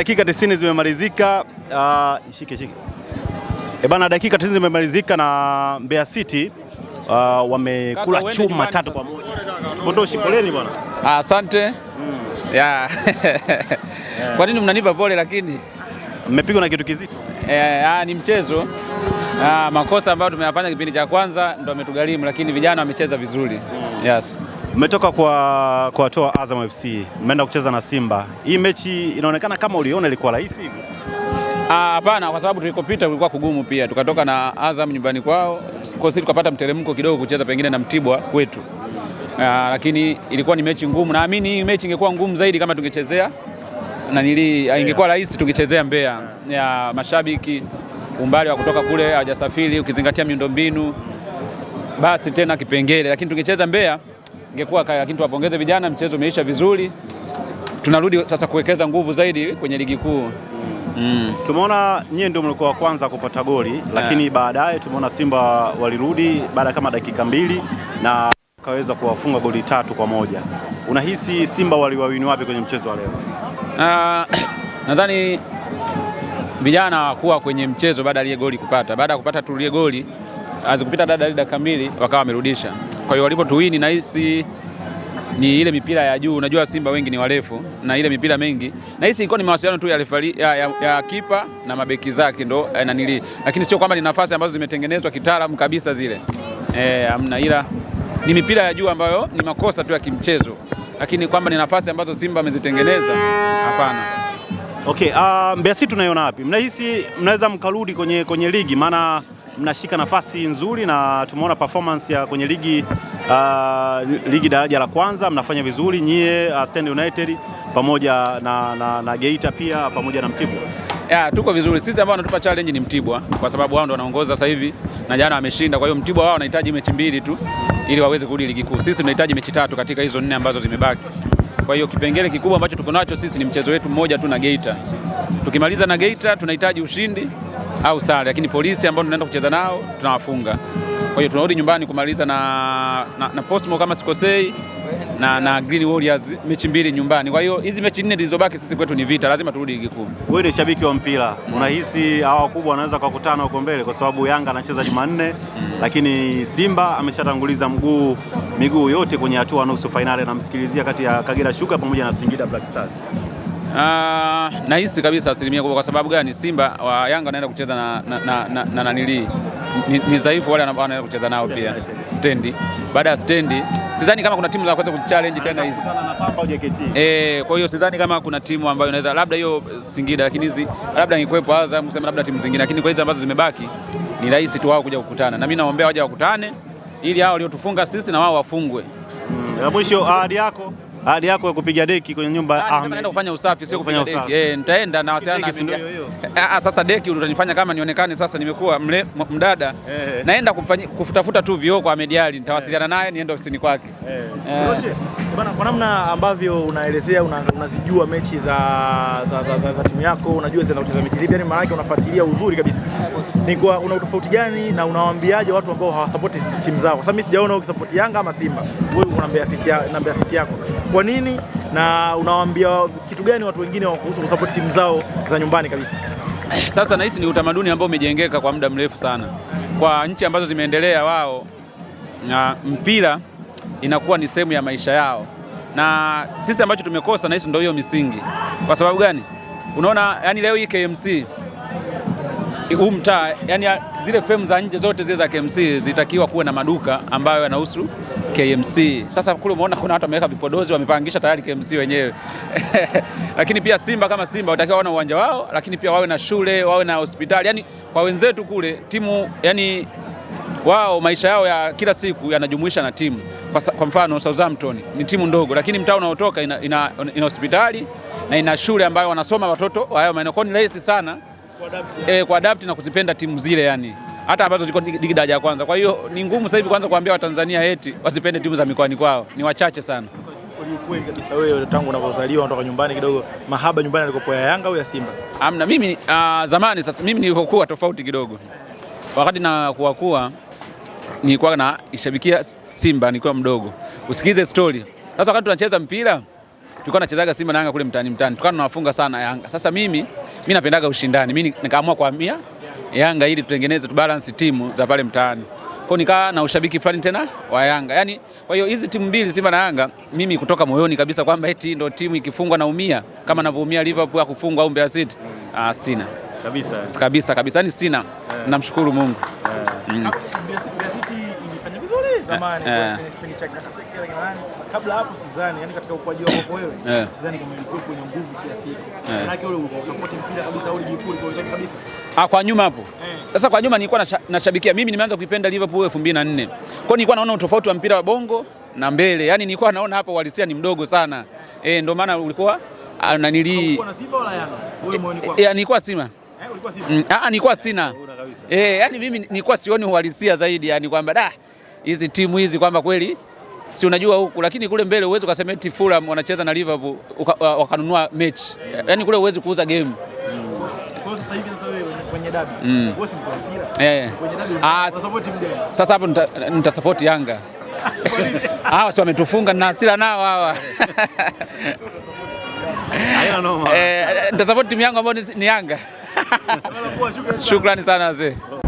Dakika 90 zimemalizika. Uh, ah, shike shike. E eh, bana, dakika 90 zimemalizika na Mbeya City uh, wamekula chuma tatu kwa moja. Potoshi, poleni bwana. Ah, asante. Mm. Yeah. yeah. Kwa nini mnanipa pole lakini? Mmepigwa na kitu kizito. Eh, ah, ni mchezo. Ah, makosa ambayo tumeyafanya kipindi cha kwanza ndio ametugharimu, lakini vijana wamecheza vizuri. Mm. Yes. Mmetoka kwa kuwatoa Azam FC, mmeenda kucheza na Simba. Hii mechi inaonekana kama uliona ilikuwa rahisi hivi? Ah, hapana, kwa sababu tulikopita kulikuwa kugumu pia, tukatoka na Azam nyumbani kwao, kwa sisi tukapata mteremko kidogo kucheza pengine na Mtibwa kwetu. Aa, ah, lakini ilikuwa ni mechi ngumu. Naamini hii mechi ingekuwa ngumu zaidi kama tungechezea na nili ah, ingekuwa rahisi tungechezea Mbeya ya mashabiki, umbali wa kutoka kule hawajasafiri, ukizingatia miundombinu, basi tena kipengele, lakini tungecheza Mbeya ingekuwa kaya, lakini tuwapongeze vijana, mchezo umeisha vizuri, tunarudi sasa kuwekeza nguvu zaidi kwenye ligi kuu. Mm. Tumeona nyie ndio mlikuwa wa kwanza kupata goli yeah. Lakini baadaye tumeona Simba walirudi baada kama dakika mbili na wakaweza kuwafunga goli tatu kwa moja. Unahisi Simba waliwawini wapi kwenye mchezo wa leo? Uh, nadhani vijana hawakuwa kwenye mchezo baada ya goli kupata, baada ya kupata tulie goli azikupita dada dakika mbili wakawa wamerudisha kwa hiyo walipotuwini, nahisi ni ile mipira ya juu, unajua Simba wengi ni warefu, na ile mipira mengi nahisi ilikuwa ni mawasiliano tu ya, refari, ya, ya, ya kipa na mabeki zake ndo eh, nanili, lakini sio kwamba ni nafasi ambazo zimetengenezwa kitaalamu kabisa zile eh, amna, ila ni mipira ya juu ambayo ni makosa tu ya kimchezo, lakini kwamba ni nafasi ambazo Simba amezitengeneza hapana. Okay, uh, Mbeya City tunaiona wapi? Mnahisi mnaweza mkarudi kwenye, kwenye ligi maana mnashika nafasi nzuri na tumeona performance ya kwenye ligi uh, ligi daraja la kwanza mnafanya vizuri nyie uh, Stand United pamoja na, na, na Geita pia pamoja na Mtibwa. Ya, tuko vizuri sisi. Ambao wanatupa challenge ni Mtibwa kwa sababu wao ndio wanaongoza sasa hivi na jana wameshinda. Kwa hiyo Mtibwa wao wanahitaji mechi mbili tu ili waweze kurudi ligi kuu. Sisi tunahitaji mechi tatu katika hizo nne ambazo zimebaki. Kwa hiyo kipengele kikubwa ambacho tuko nacho sisi ni mchezo wetu mmoja tu na Geita. Tukimaliza na Geita tunahitaji ushindi au sare, lakini polisi ambao tunaenda kucheza nao tunawafunga. Kwa hiyo tunarudi nyumbani kumaliza na, na, na Posmo kama sikosei na, na Green Warriors mechi mbili nyumbani. Kwa hiyo hizi mechi nne zilizobaki sisi kwetu ni vita, lazima turudi ligi kuu. Wewe ni shabiki wa mpira mm. unahisi hawa wakubwa wanaweza kukutana huko mbele, kwa sababu Yanga anacheza Jumanne mm. lakini Simba ameshatanguliza mguu miguu yote kwenye hatua nusu fainali, anamsikilizia kati ya Kagera Sugar pamoja na Singida Black Stars. Ah, nahisi kabisa asilimia kubwa. Kwa sababu gani? Simba wa Yanga wanaenda kucheza na na, na, na na ni, ni dhaifu wale wanaenda kucheza nao pia stendi. Baada ya stendi, sidhani kama kuna timu za kuweza kuzichallenge tena hizi eh. Kwa hiyo sidhani kama kuna timu ambayo inaweza, labda hiyo Singida, lakini hizi labda ingekuwepo Azam, kusema labda timu zingine, lakini kwa hizi ambazo zimebaki ni rahisi tu wao kuja kukutana, na mimi naombea waje wakutane ili hao waliotufunga sisi na wao wafungwe. Mm, mwisho ahadi yako hali yako ya kupiga deki kwenye nyumba, ah, ah, naenda kufanya usafi, sio kufanya deki. Eh, nitaenda na wasiana na ah, ah, sasa deki utanifanya kama nionekane sasa nimekuwa mdada hey. Eh. Naenda kufutafuta tu vioo kwa mediali, nitawasiliana eh. naye niende ofisini kwake eh. eh. Bwana, Kwa namna ambavyo unaelezea unazijua una mechi za, za, za, za, za timu yako, unajua zinacheza mechi zipi, yani maana unafuatilia uzuri kabisa. Ni kwa una utofauti gani na unawaambiaje watu ambao hawasapoti timu zao? Sasa mimi sijaona ukisapoti Yanga ama Simba, wewe unaambia City yako kwa nini na unawaambia kitu gani watu wengine kuhusu kusupport timu zao za nyumbani kabisa? Sasa nahisi ni utamaduni ambao umejengeka kwa muda mrefu sana kwa nchi ambazo zimeendelea, wao na mpira inakuwa ni sehemu ya maisha yao, na sisi ambacho tumekosa nahisi ndio hiyo misingi. Kwa sababu gani? Unaona, yani leo hii KMC huu mtaa, yani zile femu za nje zote zile za KMC zitakiwa kuwe na maduka ambayo yanahusu KMC. Sasa kule umeona kuna watu wameweka vipodozi wamepangisha tayari KMC wenyewe lakini pia Simba kama Simba watakiwa wana uwanja wao, lakini pia wawe na shule, wawe na hospitali, yani kwa wenzetu kule timu, yani wao maisha yao ya kila siku yanajumuisha na timu. Kwa mfano Southampton ni timu ndogo, lakini mtaa unaotoka ina, ina, ina hospitali na ina shule ambayo wanasoma watoto wa hayo maeneo, kwa ni rahisi sana kuadapt, eh, na kuzipenda timu zile yani hata ambazo ziko ligi daraja ya kwanza. Kwa hiyo ni ngumu sasa hivi kwanza kuambia Watanzania eti wasipende timu za mikoani kwao, ni wachache sana. Kweli kabisa, wewe tangu unapozaliwa unatoka nyumbani kidogo, mahaba nyumbani alikopo ya Yanga au ya Simba? Amna, mimi uh, zamani sasa, mimi nilivyokuwa tofauti kidogo, wakati na kuwa kuwa nilikuwa na ishabikia Simba nikiwa mdogo. Usikize story sasa, wakati tunacheza mpira tulikuwa tunachezaga Simba na Yanga kule mtaani mtaani, tukawa tunawafunga sana Yanga. Sasa mimi mimi napendaga ushindani, mimi nikaamua kuhamia Yanga ili tutengeneze tubalance timu za pale mtaani. Kwa nikaa na ushabiki fulani tena wa Yanga. Yaani kwa hiyo hizi timu mbili Simba na Yanga mimi kutoka moyoni kabisa kwamba eti ndio timu ikifungwa naumia kama anavyoumia Liverpool akufungwa au Mbeya City. Ah, sina. Kabisa. Kabisa kabisa. Yaani sina. Yeah. Namshukuru Mungu. Yeah. Mm zamani eh. kwenye kabla hapo sidhani, yani katika ukuaji wako wewe eh. sidhani kama ilikuwa kwenye nguvu kiasi eh. ule support mpira kabisa kwa kabisa. Ah, kwa nyuma hapo sasa, kwa nyuma nilikuwa nashabikia mimi, nimeanza kuipenda Liverpool 2004 kwa hiyo nilikuwa naona utofauti wa mpira wa bongo na mbele, yani nilikuwa naona hapa uhalisia ni mdogo sana eh, ndio maana ulikuwa ah, nanili nilikuwa sima nilikuwa sina eh, mm, ah, ah, yani mimi nilikuwa sioni uhalisia zaidi, yani kwamba da hizi timu hizi kwamba kweli si unajua huku, lakini kule mbele uwezi ukasema eti Fulham wanacheza na Liverpool wakanunua mechi, yaani kule uwezi kuuza game. Sasa hapo nitasapoti Yanga hawa si wametufunga na hasira nao hawa eh, nitasapoti timu yangu ambayo ni Yanga. Shukrani sana wazee.